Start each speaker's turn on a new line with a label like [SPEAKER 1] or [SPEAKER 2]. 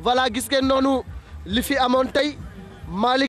[SPEAKER 1] voilà gis ngeen nonu, li fi amoon
[SPEAKER 2] tey Malick